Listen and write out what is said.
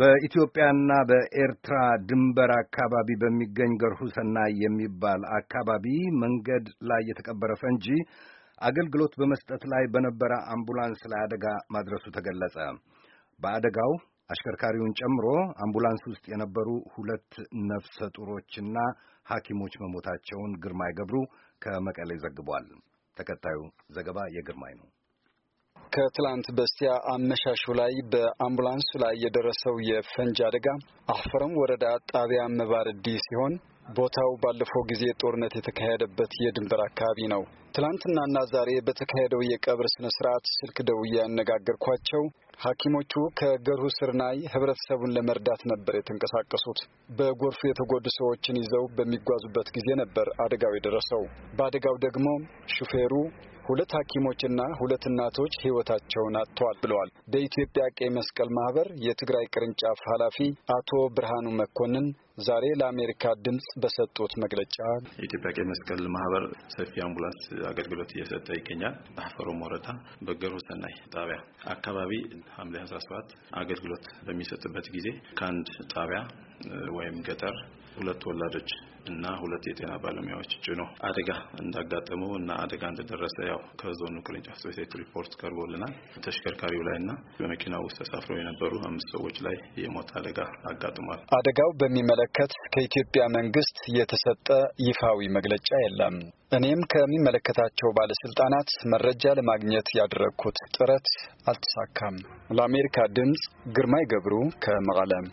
በኢትዮጵያና በኤርትራ ድንበር አካባቢ በሚገኝ ገርሁሰና የሚባል አካባቢ መንገድ ላይ የተቀበረ ፈንጂ አገልግሎት በመስጠት ላይ በነበረ አምቡላንስ ላይ አደጋ ማድረሱ ተገለጸ። በአደጋው አሽከርካሪውን ጨምሮ አምቡላንስ ውስጥ የነበሩ ሁለት ነፍሰ ጡሮችና ሐኪሞች መሞታቸውን ግርማይ ገብሩ ከመቀሌ ዘግቧል። ተከታዩ ዘገባ የግርማይ ነው። ከትላንት በስቲያ አመሻሹ ላይ በአምቡላንስ ላይ የደረሰው የፈንጅ አደጋ አፈረም ወረዳ ጣቢያ መባርዲ ሲሆን ቦታው ባለፈው ጊዜ ጦርነት የተካሄደበት የድንበር አካባቢ ነው። ትናንትናና ዛሬ በተካሄደው የቀብር ስነ ስርዓት ስልክ ደውዬ ያነጋገርኳቸው ሐኪሞቹ ከገርሁ ስርናይ ህብረተሰቡን ለመርዳት ነበር የተንቀሳቀሱት። በጎርፉ የተጎዱ ሰዎችን ይዘው በሚጓዙበት ጊዜ ነበር አደጋው የደረሰው። በአደጋው ደግሞ ሹፌሩ ሁለት ሐኪሞችና ሁለት እናቶች ሕይወታቸውን አጥተዋል ብለዋል። በኢትዮጵያ ቀይ መስቀል ማህበር የትግራይ ቅርንጫፍ ኃላፊ አቶ ብርሃኑ መኮንን ዛሬ ለአሜሪካ ድምፅ በሰጡት መግለጫ የኢትዮጵያ ቀይ መስቀል ማህበር ሰፊ አምቡላንስ አገልግሎት እየሰጠ ይገኛል። ሀፈሮም ሞረታ በገሩ ሰናይ ጣቢያ አካባቢ ሐምሌ 17 አገልግሎት በሚሰጥበት ጊዜ ከአንድ ጣቢያ ወይም ገጠር ሁለት ወላዶች እና ሁለት የጤና ባለሙያዎች ጭኖ አደጋ እንዳጋጠመው እና አደጋ እንደደረሰ ያው ከዞኑ ቅርንጫፍ ጽሕፈት ቤት ሪፖርት ቀርቦልናል። ተሽከርካሪው ላይ እና በመኪናው ውስጥ ተሳፍረው የነበሩ አምስት ሰዎች ላይ የሞት አደጋ አጋጥሟል። አደጋው በሚመለከት ከኢትዮጵያ መንግስት የተሰጠ ይፋዊ መግለጫ የለም። እኔም ከሚመለከታቸው ባለስልጣናት መረጃ ለማግኘት ያደረግኩት ጥረት አልተሳካም። ለአሜሪካ ድምፅ ግርማይ ገብሩ ከመቀለም